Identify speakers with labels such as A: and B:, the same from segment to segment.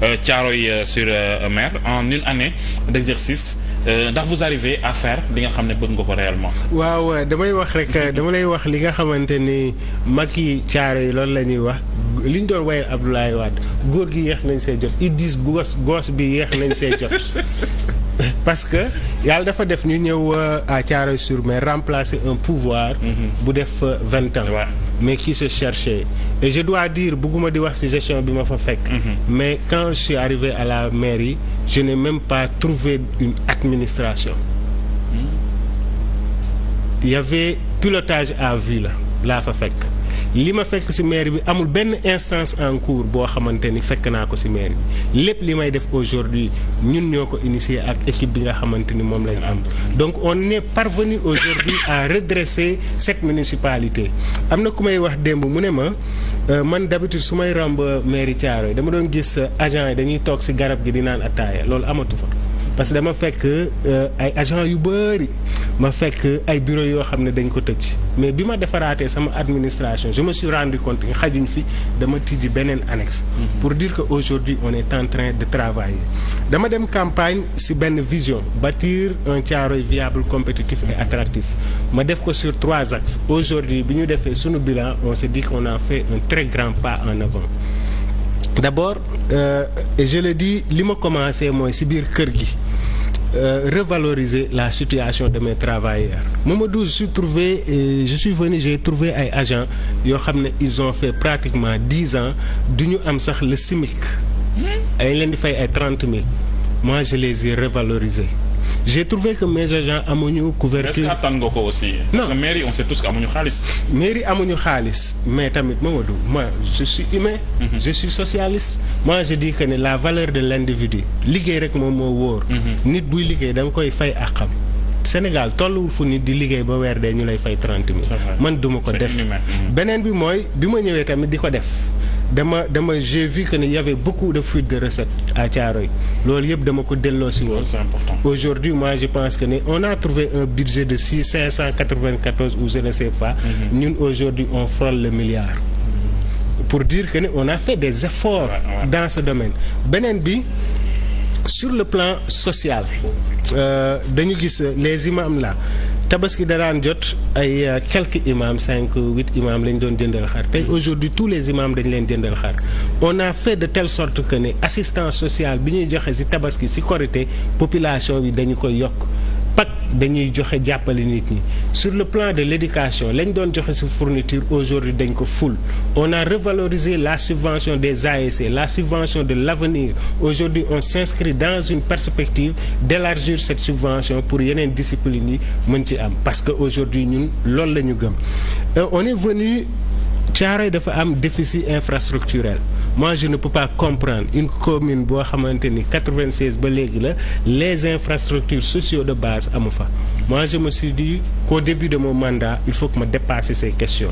A: caaro euh, Thiaroye euh, sur euh, mer en une année d'exercice ndax vous arrivez à faire li nga xam ne bëgg nga ko réellement. waaw damay wax rek dama lay wax li nga xamante ni mag yi Thiaroye loolu la ñuy wax. li ñu doon wayal Abdoulaye Wade góor gi yéex nañ see jot Idriss gos gos bi yéex nañ see jot. parce que yàlla dafa def ñu ñëw euh, à Thiaroye-sur-Mer remplacer un pouvoir. Mm-hmm. bu def euh, vingt ans. mais qui se cherchait et je dois dire bëgguma di wax ci gestion bi ma fa fekk. Mm-hmm. mais quand je suis arrivé à la mairie je n'ai même pas trouvé une administration. Mm-hmm. il y avait pilotage à vue la laa fa fekk. li ma fekk ci maire bi amul benn instance en cours boo xamante ni fekk naa ko ci maire bi lépp li may def aujourd'hui ñun ñoo ko initié ak équipe bi nga xamante ni moom lañ am donc on est parvenu aujourd'hui à redresser cette municipalité am na ku may wax démb mu ne ma euh, man d'habitude su may romb euh, mairie yi dama doon gis euh, agent yi dañuy toog ci garab gi di naan attaaya loolu amatu fa parce que dama fekk euh, ay agent yu bëri ma fekk ay bureau yoo xam ne dañ ko tëj mais bi ma defaraatee sama administration je me suis rendu compte nga xajuñ fi dama tijji beneen annexe mhm. pour dire que aujourd'hui on est en train de travailler dama dem campagne si benn vision bâtir un Thiaroye viable compétitif et attractif ma def ko sur trois axes aujourd'hui bi ñu defee sunu bilan on s'est dit qu'on a fait un très grand pas en avant d'abord euh, je le dis li ma commencé mooy si biir kër gi Euh, revaloriser la situation de mes travailleurs Mamadou je suis trouvé euh, je suis venu j'ai trouvé ay agents yoo xam ne ils ont fait pratiquement dix ans du ñu am sax le SMIC hmm? ay leen di fay ay trente mille moi je les ai revalorisés j'ai trouvé que mes agents amuñu couverture. est-ce que attan nga ko aussi. non parce que mairie on sait amuñu xaalis. mairie amuñu xaalis mais tamit Mamadou moi je suis humain. Mm -hmm. je suis socialiste. moi je dis que ne la valeur de l'individu liggéey rek moom moo wóor. Mhm. nit buy liggéey da koy fay ak xam. Sénégal tolluwul fu nit di liggéey ba weer dee ñu lay fay trente mille. man duma ko def mhm. beneen bi mooy bi ma ñëwee tamit di ko def. dama dama j'ai vu que ne y avait beaucoup de fuites de recettes à Thiaroye loolu yëpp dama ko delloo si woon aujourd'hui moi je pense que ne on a trouvé un budget de six cinq cent quatre-vingt-quatorze ou je ne sais pas mm-hmm. ñun aujourd'hui on frôle le milliard mm-hmm. pour diir que ne on a fait des efforts dans ce domaine beneen bi sur le plan social euh, dañu gis euh, les imams là tabaski daraan jot ay euh, quelques imams cinq huit imams lañ doon jëndal xar tey aujourd'hui tous les imams dañ leen jëndal xar on a fait de telle sorte que ni assistance sociale bi ñuy joxe ci tabaski ci korité population bi dañu koy yokk dañuy joxe jàppale nit ñi sur le plan de l'éducation lañ doon joxe ci fourniture aujourd'hui dañ ko ful on a revalorisé la subvention des ASC la subvention de l'avenir aujourd'hui on s'inscrit dans une perspective d'élargir cette subvention pour yeneen discipline yi mën ci am parce que aujourd'hui ñun loolu la ñu gëm euh, on est venu Thiaroye dafa am déficit infrastructurel moi je ne peux comprendre une commune boo xamante ni 96 ba léegi la les infrastructures sociaux de base amu fa moi je me suis dit qu'au début de mon mandat il faut que ma dépasser ces questions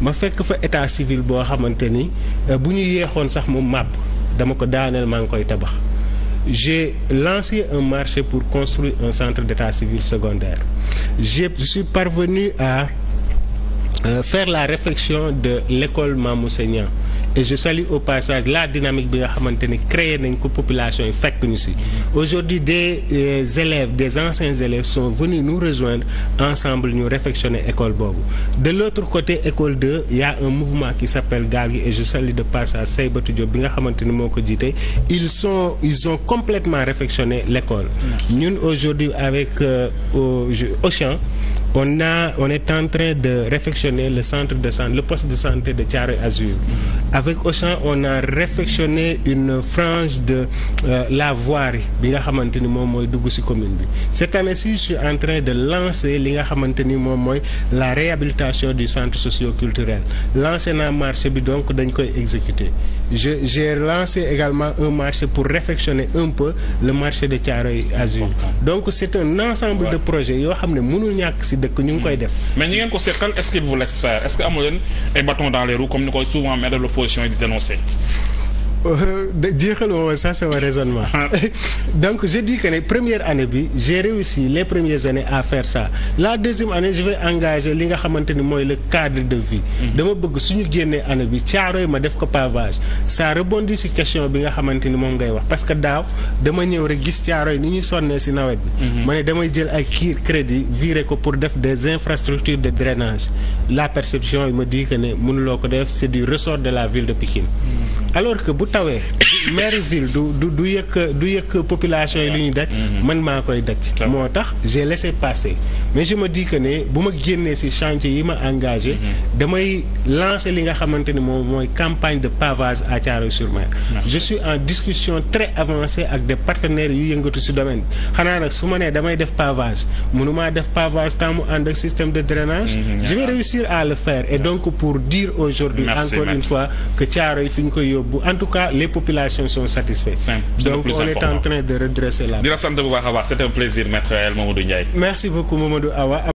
A: ma fekk fa état civil boo xamante ni euh, bu ñu yeexoon sax mu màpp dama ko daaneel maa ngi koy tabax j'ai lancé un marché pour construire un centre d'état civil secondaire je suis parvenu à euh, faire la réflexion de l'école Mamoussegna et je salue au passage la dynamique bi nga xamante ni créé nañ ko population yi fekk ñu si aujourd'hui des euh, élèves des anciens élèves sont venus nous rejoindre ensemble ñu réfectionner école boobu de l'autre côté école de ya a un mouvement qui s'appelle Gaal gi et je salue de passage Seybatou Diop bi nga xamante ni moo ko jiite ils son ils ont complètement réfectionné l'école ñun aujourd'hui avec euh, au Auchan on a on est en train de réfectionner le centre de santé le poste de santé de Thiaroye Azur avec Auchan on a réfectionné une frange de euh, la voirie bi nga xamante ni moom mooy dugg ci commune bi cette année-ci je suis en train de lancer li nga xamante ni moom mooy la réhabilitation du centre socio-culturel lancé naa marché bi donc dañ koy exécuter je j'ai lancé également un marché pour réfectionner un peu le marché de Thiaroye Azur donc c'est un ensemble de projets yoo xam ne mënul dëkk ñu ngi koy def. mais ñi ngeen ko seqal est-ce qu'il vous laisse faire est-ce que amu leen ay bâton dans les roues comme ni koy souvent maire de l'opposition yi di Euh, de jeexal woo ça c'est un raisonnement ah. donc je dis que ne première année bi j'ai réussi les premières années affaire faire ça la deuxième année je vais li nga xamante ni mooy le cadre de vie mhm. dama bëgg suñu génnee année bi caaro yi ma def ko pavage ça rebondit si question bi nga xamante ni moom ngay wax parce que daaw dama ñëw rek gis caaro yi ni ñuy sonnee si nawet bi mhm. ma ne damay jël ay kii crédit viré ko pour def des infrastructures de drainage la perception yi ma di que ne ko def c'est du ressort de la ville de Pikine mhm. alors tawee maire ville du du du yëkk du yëkk population yi lu ñuy daj mhm. man maa koy daj moo tax j'ai laissé passer mais je me dis que ne bu ma génnee ci chantier yi ma engagé mhm. damay lancer li nga xamante ni moom mooy campagne de pavage à Thiaroye-sur-Mer je suis en discussion très avancée ak des partenaires yu yëngatu ci domaine xanaa nag su ma nee damay def pavage mënumaa def pavage temps mu ànd ak système de drainage mhm, je vais réussir à le faire et donc pour dire aujourd'hui encore une fois que Thiaroye fi koy yóbbu en tout cas les populations populations sont satisfaites. simple de redresser la. di la sant bu baax a c'est un plaisir maître El Mamadou Ndiaye. merci beaucoup Mamadou Awa.